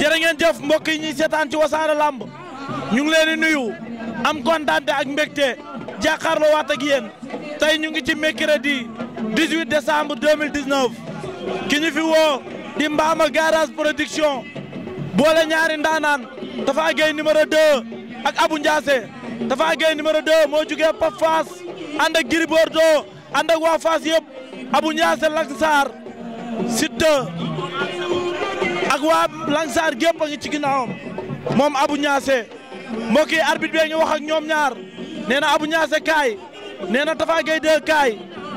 jërë ngeen jëf mbokk yi ñuy seetaan ci wasaare lamb ñu ngi leen di nuyu am kontaan ak mbégte jàkkaarloo waat ak yéen tey ñu ngi ci mercredi 18 décembre 2019 ki ñu fi woo di Mbaama garage production boole ñaari ndaanaan Tapha Gueye numéro 2 ak Abou Ndiassé Tapha Gueye numéro 2 moo jugee Pap Faas ànd ak Gris Bordeaux ànd ak waa Faas yëpp Abou Ndiassé Lansar ak waa Lansar gépp a ngi ci ginnaawam moom abu Niasse mbokk yi arbitre bi ngi wax ak ñoom ñaar nee abu Abou Niasse kaay nee na Tafa Gueye 2 kaay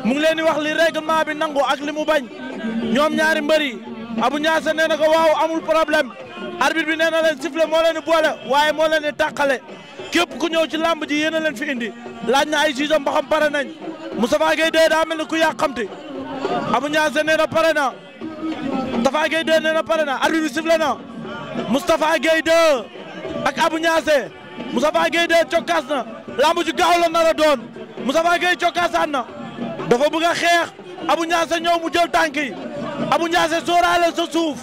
mu ngi leen di wax li règlement bi nangu ak li mu bañ ñoom ñaari mbëri Abou Niasse nee na ko waaw amul problème arbitre bi nee na leen sifflé moo leen di boole waaye moo leen di tàqale ku ñëw ci làmb ji yéen a leen fi indi laaj na ay siisam ba pare nañ Moustapha Gueye 2 daa mel ni ku yàqamti Abou Niasse nee na pare na Moustapha Gueye 2 nee pare na arbitre bi sifflé na Moustapha Gueye 2 ak Abou Niassé Moustapha Gueye 2 cokkaas na lamb gaaw la nar a doon Moustapha Gueye cokkaasaan na dafa bëgg a xeex Abou Niassé ñëw jël tànk yi Abou Niassé sóoraale suuf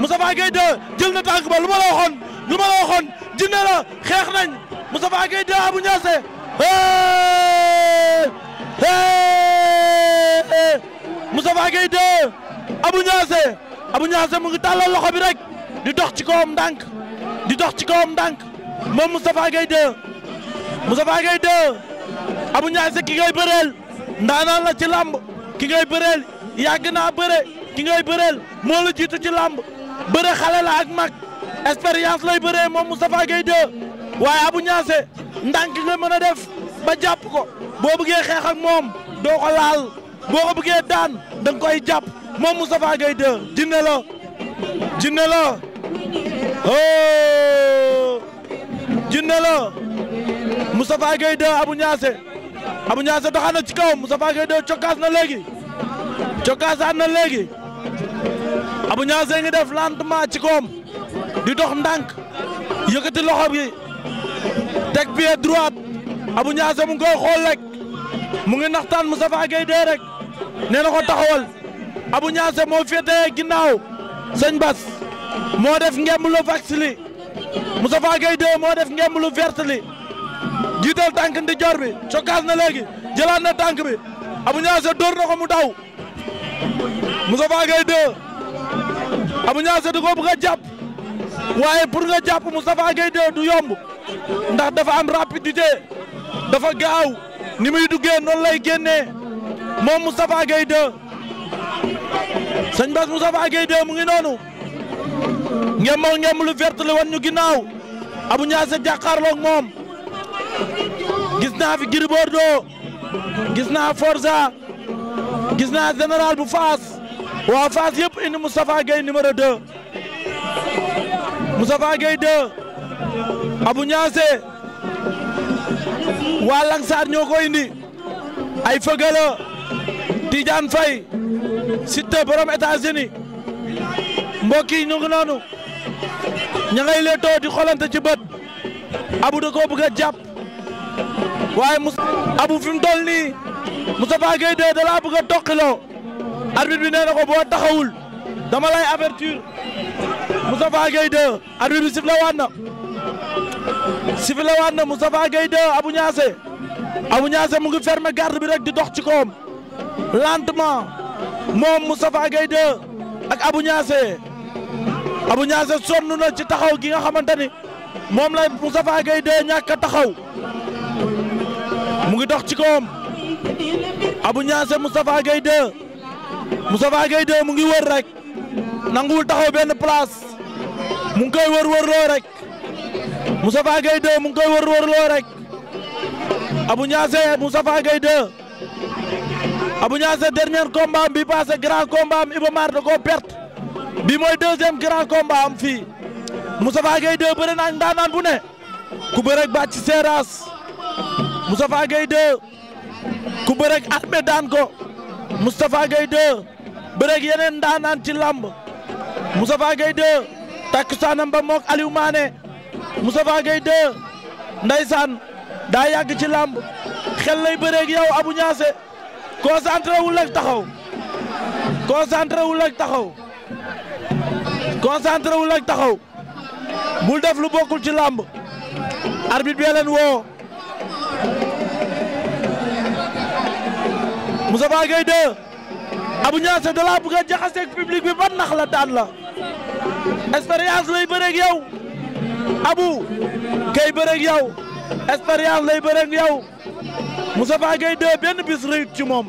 Moustapha Gueye 2 jël na tànk ba lu ma la waxoon lu ma la waxoon jinne la xeex nañ Moustapha Gueye 2 Abou Niassé Moustapha Gueye 2 Abou Niassé abu Niasse mu ngi tàllal loxo bi rek di dox ci kawam ndànk di dox ci kawam ndànk moom Moustapha Gueye 2 Moustapha Gueye 2 Abou Niasse ki ngay bëreel ndaanaan la ci làmb ki ngay bëreel yàgg naa bëre ki ngay bëreel moo la jiitu ci làmb bëre xale la ak mag expérience lay bëree moom Moustapha Gueye 2 waaye Abou Niasse ndànk nga mën a def ba jàpp ko boo bëggee xeex ak moom doo ko laal boo ko daan da nga koy jàpp. moom Moustapha Gueye 2 jinne la jinne la oh jinne la Moustapha Gueye 2 Abou Niasse Abou Niasse doxaan na ci kawam Moustapha Gueye 2 cokkaas na léegi cokkaasaat na léegi Abou Niasse ngi def lentement ci kawam di dox ndànk yëkkati loxo bi teg pied droit Abou Niasse mu ngi koy mu ngi naxtaan Moustapha Gueye 2 rek nee na ko taxawal. Abou Niasse moo féetee ginnaaw sëñ Bas moo def ngemb lu vax li Moustapha Gueye 2 moo def ngemb lu vert li jiital tànk ndi jor bi cokkaas na léegi jëlaat na tànk bi Abou Niasse dóor na ko mu daw Moustapha Gueye 2 Abou Niasse du ko bëgg a jàpp waaye pour nga jàpp Moustapha Gueye 2 du yomb ndax dafa am rapidité dafa gaaw ni muy duggee noonu lay génnee moom mu Gueye 2 sëñ Bass Moustapha Gueye de mu ngi noonu ngem moom ngem lu vert ñu ginnaaw Abou Niasse jàkkaarloog moom gis naa fi Gris Bordeaux gis naa Forza gis naa général bu Faas waa Faas yëpp indi Moustapha Gueye numéro 2 Moustapha Gueye 2 Abou Niasse waa Langsar ñoo ko indi ay fëgala Tidiane Faye Siteu borom États-Unis mbokk noonu ña ngay di xolante ci bët Abu da koo bëgg a jàpp waaye Moussa Abu fi mu toll nii da laa bëgg a toqiloo arbitre bi nee ko boo taxawul dama lay avertir Moustapha Gueye de arbitre bi sifle waat na sifle waat na Moustapha Gueye de Abou garde bi rek di dox ci koom lentement. moom mu Gueye 2 ak Abou Niasse Abou Niasse sonn la ci taxaw gi nga xamante ni moom lay Moustapha Gueye 2 ñàkk a taxaw mu ngi dox ci kawam abu Niasse mu Gueye 2 mu Gueye 2 mu ngi wër rek nanguwul taxaw benn place mu ngi koy wër-wër loo rek Moustapha Gueye mu ngi koy wër-wër loo rek Abou Niasse Moustapha Gueye 2 Abou Niang sa dernier combat am bi passé Iba Mar da koo perte bi mooy deuxième grand combat bëre naag ndaanaan bu ne ku bëre ak Bathie Seras Moustapha Gueye 2 ku bëre ak Armé daan yeneen ndaanaan ci làmb Moustapha Gueye 2 takkusaanam ba mook Aliou Mané Moustapha Gueye 2 ci làmb xel lay bëre ak yow concentré wul ak taxaw concentré wu ak taxaw concentré wu ak taxaw bul def lu bokkul ci làmb arbitre bi leen woo Moussa Ba Gueye 2 Abou Niasse da laa bëgg a jaxase ak public bi ban nax la daan la expérience lay bëreeg yow Abou kay bëreeg yow expérience lay bëreeg yow Moustapha Gueye 2 benn bis rëyut ci moom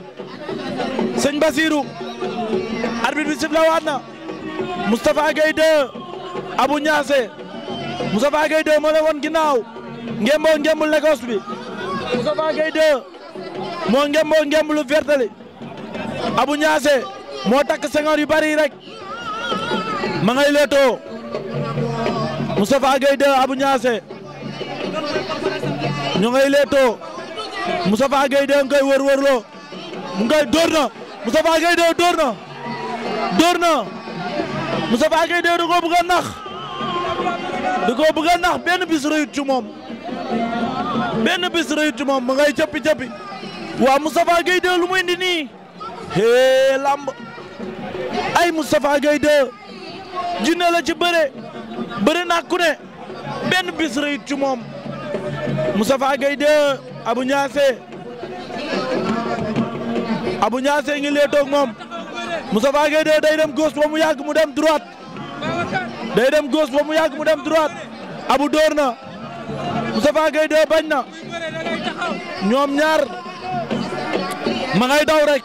sëñ Basirou arbitre bi sifla waat na Moustapha Gueye 2 Abou Niasse Moustapha Gueye 2 moo la woon ginnaaw ngemboo ngembul Lagos bi Moustapha Gueye 2 moo ngemboo ngembulu vertali Abou Niasse moo takk sengoor yu bari rek ma ngay leetoo Moustapha Gueye 2 Abou Niasse ñu ngay leetoo Moustapha Gueye de ngay wër wër loo ngay dóor na Moustapha Gueye de dóor na dóor na Moustapha Gueye de da koo bëgg nax da koo bëgg nax benn bis rëyut ci benn bis rëyut ci mu ngay cappi cappi waa Moustapha Gueye de lu muy nii hee lamb ay Moustapha Gueye de jinne la ci bëre bëre naa ku ne benn bis rëyut ci moom Moustapha Gueye abu Niasse abu Niasse ngi lee toog moom Moustapha Gueye de day dem gauche ba mu yàgg mu dem droite day dem gauche ba mu yàgg mu dem droite abu door na Moustapha Gueye de bañ na ñoom ñaar ma ngay daw rek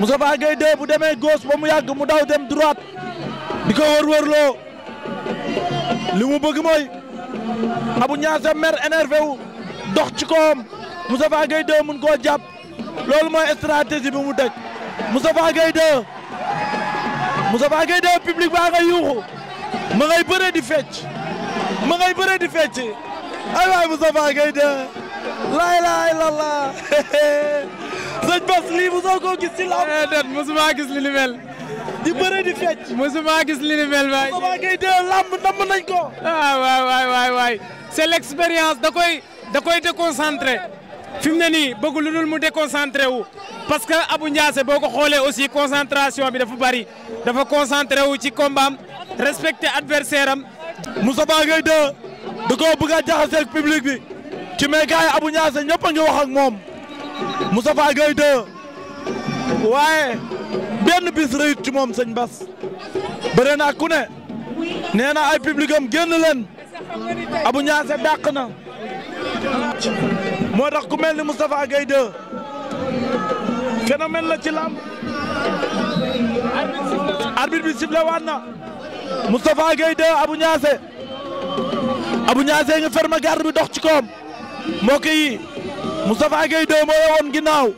Moustapha Gueye de bu demee gauche ba mu yàgg mu daw dem droite di ko wër-wër loo li mu bëgg mooy Abou Niasse mer énervé wu dox ci koom. Moustapha Gueye 2 mun koo jàpp loolu mooy stratégie bi mu dëkk Moustapha Gueye 2 Moustapha Gueye 2 public baa nga yuuxu ma ngay bëre di fecc ma ngay bëre di fecc ay waay Moustapha Gueye 2 laay laay lalla sëñ Bas lii mosoo koo gis ci lamb eh, déet mosuma gis li ni mel di bëre di fecc mosuma gis li ni mel waay Moustapha Gueye 2 lamb namm nañ ko ah waay waay waay waay c'est l'expérience da koy da koy déconcentré fi mu ne nii bëgg lu dul mu déconcentré wu parce que Abou Ndiassé boo ko xoolee aussi concentration bi dafa bari dafa concentré wu ci combat am respecté adversaire am. Moussa Ba Gueye de da koo bëgg a bi ci mais gars yi Abou Ndiassé ñëpp a ngi ak moom Moussa Ba Gueye waaye benn bis rëyut ci moom sëñ Bas bëre na ku ne nee na ay public am génn leen Abou dàq na. moo tax ku mel ni Moustapha Gueye 2 phénomène la ci lamb arbitre bi sifflé waat na Moustapha Gueye 2 Abou Niasse Abou nga ferme garde bi dox ci koom mbokk yi Moustapha Gueye 2 moo la woon ginnaaw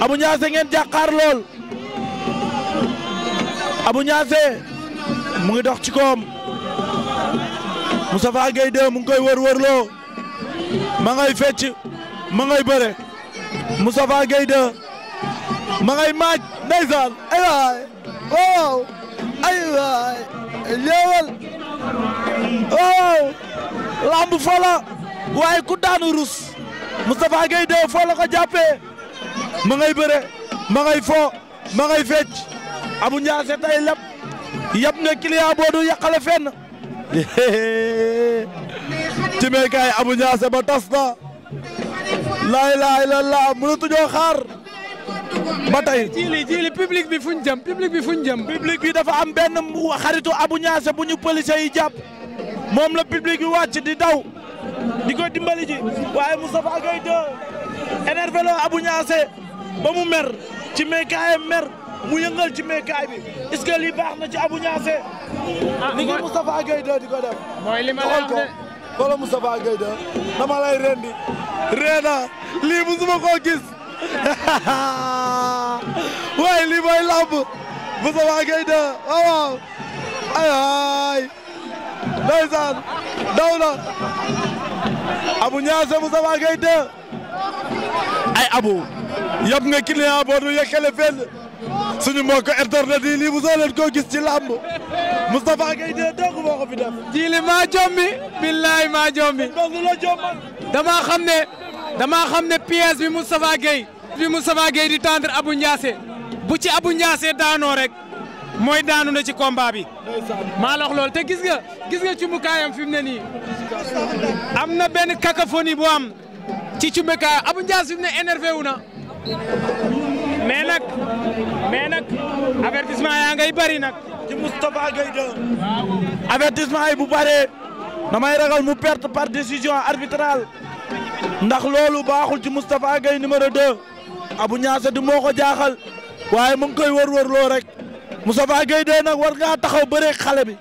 Abou Niasse ngeen jàkkaar lool abu Niasse mu ngi dox ci koom Moustapha Gueye mu ngi koy wër wër loo fecc ma ngay bëre Moustapha Gueye de ma ngay maaj ndeysaan ay waay waaw ay waay léewal lamb foola waaye ku daanu rus Moustapha Gueye de foola ko ma ngay bëre ma ngay foo ma ngay fecc Abou Ndiassé tey yab nga client boo du yàqale fenn timeekaay Abou Ndiassé laa ilaaha illallaah mënatuñoo xaar ba tey. jiili jiili public bi fuñ jëm public bi fuñ jëm. public bi dafa am benn xaritu Abu Ñaase bu ñu policiers yi jàpp moom la public bi wàcc di daw di ko dimbali ji waaye Moustapha Gueye de énervé loo Abu Ñaase ba mu mer ci mekaayam mer mu yëngal ci mekaay bi est-ce baax na ci Abu Ñaase. ah mooy li di ko def. mooy li ma la wax de xool ko xoolal Moustapha Gueye de dama reena lii musuma koo gis waaye lii mooy làmb Moussa Waa Gueye ay ndeysaan daw na Abu Ñaase Moussa Waa Gueye de ay Abu yab nga client boo du yekkale fenn suñu mbokk internet yi lii mosoo leen koo gis ci làmb Moustapha Gueye de dégg moo ko fi jiili maa jommi. billaay maa jommi. damaa xam ne damaa xam ne pièce bi Moustapha Gueye bi Moustapha Gueye di tendre Abou Ndiassé bu ci Abou Ndiassé daanoo rek mooy daanu na ci combat bi maa lox lool te gis nga gis nga cumbukaayam fi mu ne nii am na benn cacophonie bu am ci cumbukaayam Abou Ndiassé fi mu ne énervé wu na mais nag mais nag yaa ngay bari nag ci Moustapha Gueye de avertissement yi bare damay ragal mu perte par décision arbitrale ndax loolu baaxul ci Moustapha Gueye numéro 2 Abou Niasse di moo ko jaaxal waaye mu ngi koy wër-wër rek Moustapha Gueye de nag war ngaa taxaw bëree xale bi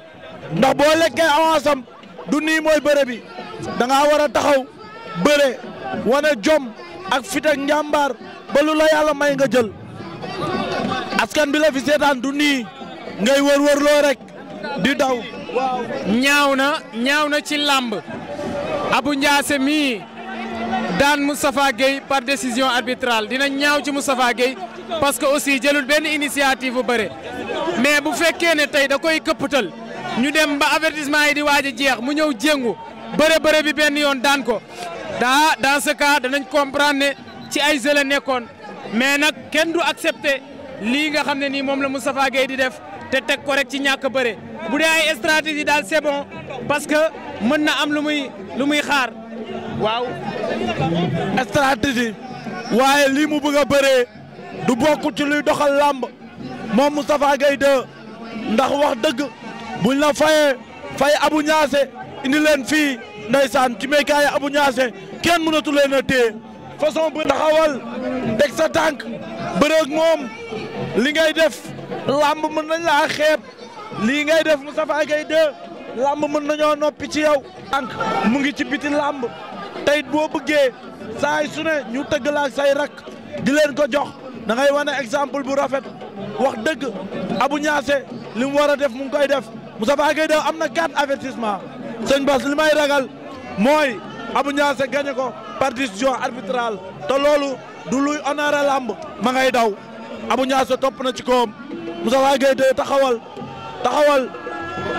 ndax boo lekkee avance am du nii mooy bëre bi da ngaa war a taxaw bëre wane jom ak fit ak njàmbaar ba lu la yàlla may nga jël askan bi la fi seetaan du nii ngay wër rek di daw. ñaaw na ñaaw na ci làmb Abou Ndiassé mii daan Moustapha Gueye par décision arbitrale dina ñaaw ci Moustapha Gueye parce que aussi jëlul benn initiative bu bëre mais bu fekkee ne tey da koy këppatal ñu dem ba avertissement yi di waaj a jeex mu ñëw jéngu bëre bëre bi benn yoon daan ko daa dans ce cas danañ comprendre ci ay jeu nekkoon mais nag kenn du accepter lii nga xam ne nii moom la Moustapha Gueye di def te teg ko rek ci ñàkk bëre bu dee ay stratégie daal c'est parce que mën na am lu muy lu muy xaar waaw stratégie waaye lii mu bëgg a bëree du bokk ci luy doxal làmb moom Moustapha Gueye 2 ndax wax dëgg buñ la fayee fay abu Niasse indi leen fii ndeysaan ci meykaaye Abou Niasse kenn mënatu leen a téye façon bu taxawal teg sa tànk bërëg moom li ngay def làmb mën nañ laa xeeb lii ngay def Moustapha Gueye 2 làmb mën nañoo noppi ci yow. ànk mu ngi ci biti làmb tey boo bëggee saay su ne ñu tëgg la say rak di leen ko jox da ngay wane exemple bu rafet wax dëgg Abou Niasse li mu war a def mu ngi koy def Moustapha Gueye 2 am na quatre avertissement sëñ Bass li may ragal mooy abu Niasse gagné ko par décision arbitrale te loolu du luy honoré làmb ma ngay daw abu Niasse topp na ci koom Moustapha Gueye taxawal taxawal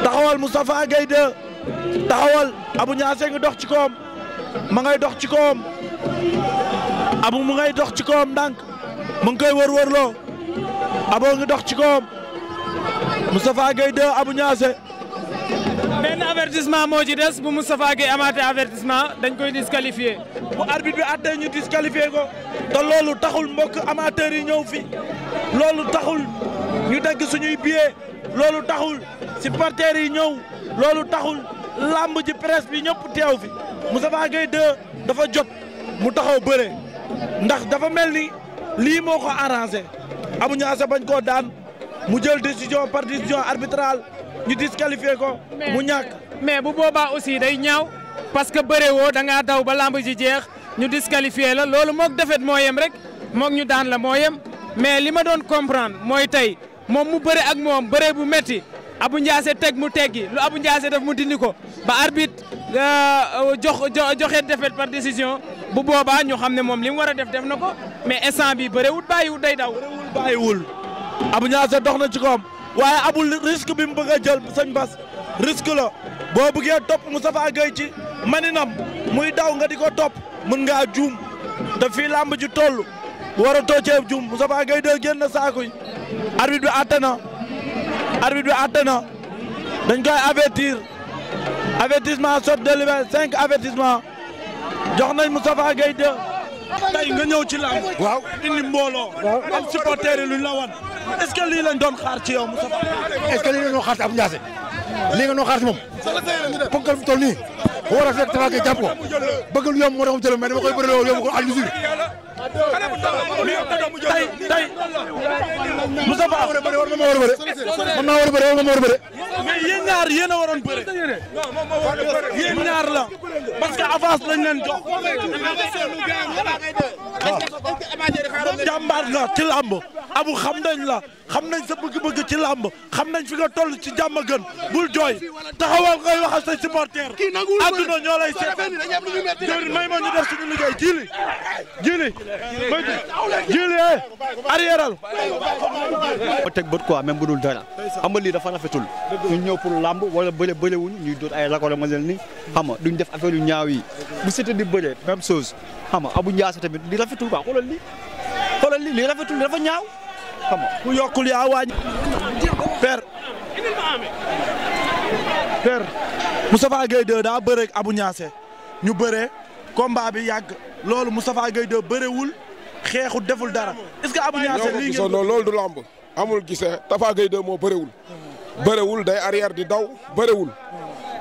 taxawal Moustapha Gueye 2 taxawal Abou Niasse ngi dox ci koom ma ngay dox ci koom Abou mu ngay dox ci koom ndànk mu ngi koy wër-wërloo Abou dox ci koom Moustapha Gueye 2 Abou moo ci des bu Moustapha Gueye amaatee avertissement dañ koy disqualifié. bu arbitre bi àttee ñu disqualifié ko te loolu taxul mbokk amateur yi ñëw fi loolu taxul. ñu dagg suñuy billet loolu taxul supporters yi ñëw loolu taxul làmb ji presse bi ñëpp teew fi Moustapha Gueye 2 dafa jot mu taxaw bëre ndax dafa mel ni lii moo ko arrangé amuñu asa bañ koo daan mu jël décision par décision arbitrale ñu disqualifié ko mu ñàkk. mais bu boobaa aussi day ñaaw parce que bëre woo da ngaa daw ba làmb ji jeex ñu disqualifié la loolu moog defet moo rek moog ñu daan la moo yem mais li ma doon comprendre mooy tey. moom mu bëre ak moom bëre bu metti abu Ndiassé teg mu tegi lu abu Ndiassé def mu dindi ko ba arbit euh, jox joxe défaite par décision bu boobaa ñu xam ne moom li war a def def na ko mais instant bi bëriwul bàyyiwul day daw. bëriwul bàyyiwul. Abou Ndiassé dox na ci koom waaye abul risque bi mu bëgg a jël sëñ Bas risque la boo bëggee topp Moustapha Gueye ci maninam muy daw nga di ko topp mën ngaa juum te fii làmb ji toll war a toocee juum Moustapha Gueye de génn saako yi arbitre bi àtte na arbitre bi àtte na dañ koy avertir avertissement sot de libé cinq jox nañ Moustapha Gueye 2 tey nga ñëw ci lamb waaw indi mbooloo am supporter yi luñ la wan est-ce que lii lañ doon xaar ci yow Moustapha est-ce que lii nga doon xaar ci Abou Ndiassé lii nga doon xaar ci moom ponkal mu toll nii war a fekk Tapha Gueye jàpp ko bëgg lu yomb moo tax mu jël mais dama koy bëri loolu yomb ko àll tey tey Moustapha war a bëre war na ma war a bëre man war a bëre war na ma war a bëre mais yéen ñaar yéen a waroon bëre yéen ñaar la parce que avance lañ leen jox jàmbaar nga ci làmb abu xam nañ la xam nañ sa bëgg-bëgg ci làmb xam nañ fi nga toll ci jàmm gën bul jooy taxawal ngay waxal say supporter àdduna ñoo lay seet may ma ñu def suñu jili jili moytu jili arriéral ba teg bët quoi même bu dul dara xam lii dafa rafetul ñu ñëw pour làmb wala bële bële wuñu ñuy dóor ay rakole ma ni xam nga duñ def affaire yu ñaaw yi bu sete di bëre même chose xam nga abu njaase tamit di rafetul quoi xoolal lii xoolal lii lii rafetul dafa ñaaw xam yokkul yaa waañ père père Moustapha Gueye daa bëre abu njaase ñu bëre combat bi yàgg loolu Moustapha Gueye de bëriwul xeexul deful dara est-ce que Abou Niasse lii ngeen loolu du amul gisee Tafa Gueye moo bëriwul bëriwul day arrière di daw bëriwul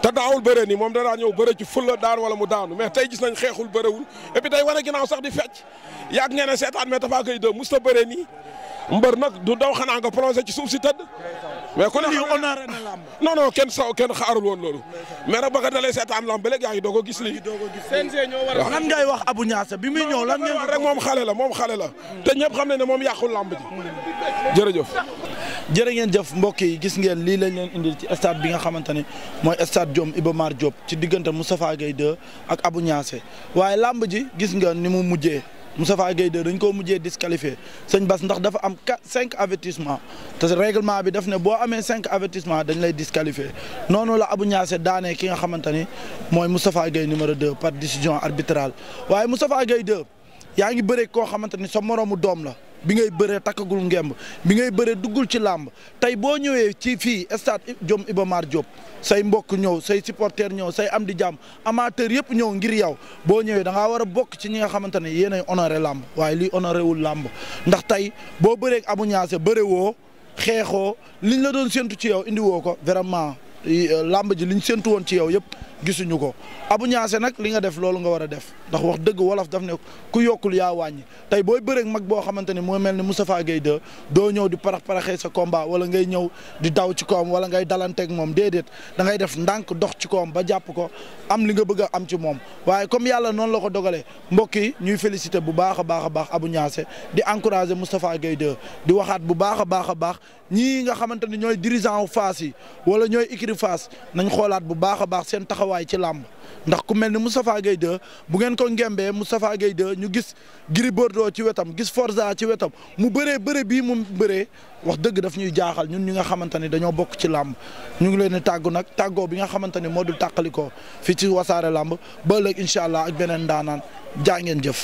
te daawul bëre nii moom danaa ñëw bëre ci fulla daan wala mu daanu mais tey gis nañ xeexul bërewul et puis tey sax di fecc yàgg ngeen a seetaan mais Tafa Gueye de musta bëre nii mbër nag du daw xanaa nga plongé ci suuf si tëdd mais ku ne lii honoré na lamb non non kenn saw kenn xaarul woon loolu. mais nag ba nga dalee seetaan lamb ba léegi yaa ngi doog a gis lii. waaw lan ngay wax Abou Niasse bi muy ñëw lan ngay wax rek moom xale la moom xale la. te ñëpp xam nañ ne moom yàqul lamb ji. jërëjëf. jërë ngeen jëf mbokk yi gis ngeen lii lañ leen indil ci stade bi nga xamante ne mooy stade Diom Iba Mar Diop ci diggante Moustapha gay 2 ak Abou Niasse waaye lamb ji gis nga ni mu mujjee Moustapha Gueye 2 dañ koo mujjee disqualifié sëñ Bas ndax dafa am quatre cinq avertissement te règlement bi daf ne boo amee cinq avertissement dañ lay disqualifié noonu la Abou daanee ki nga xamante ni mooy Moustapha Gueye numéro 2 par décision arbitrale waaye Moustapha Gueye 2 yaa ngi bëre koo xamante ni sa moroomu doom la bi ngay bëree takkagul ngemb bi ngay bëree duggul ci làmb tey boo ñëwee ci fii stade Jom Iba Mar say mbokk ñëw say supporter ñëw say am di jàmm amateur yëpp ñëw ngir yow boo ñëwee da ngaa war a bokk ci ñi nga xamante ne yéenay honoré làmb waaye liy honoré wul làmb ndax tey boo bëree ak Abou Niasse xeexoo liñ la doon séntu ci yow indiwoo ko vraiment làmb ji liñ séntu woon ci yow yëpp. gisuñu ko Abou Niassé nag li nga def loolu nga war a def ndax wax dëgg wolof daf ne ku yokkul yaa wàññi tey booy bëreeg mag boo xamante ni moo mel ni Moustapha Gueye 2 doo ñëw di parax sa combat wala ngay ñëw di daw ci koom wala ngay dalanteeg da ngay def ndànk dox ci koom ba jàpp ko am li nga bëgg a am ci moom waaye comme yàlla noonu la ko dogalee mbokk yi ñuy félicité bu baax a baax a baax Abou Niassé di encouragé Moustapha Gueye 2 di waxaat bu baax a baax a baax ñii nga xamante ni ñooy dirigeant wu Fass yi wala ñooy écurie Fass nañ xoolaat bu baax a taxawaay ci làmb ndax ku mel ni Moustapha Gueye 2 bu ngeen ko ngembee Moustapha Gueye 2 ñu gis Gris Bordeaux ci wetam gis Forza ci wetam mu bëree bëre bii mu bëree wax dëgg daf ñuy jaaxal ñun ñi nga xamante ni dañoo bokk ci làmb ñu ngi leen di tàggu nag tàggoo bi nga xamante ni moo dul tàqalikoo fii ci wasaare làmb ba ëllëg incha allah ak beneen ndaanaan jaa ngeen jëf.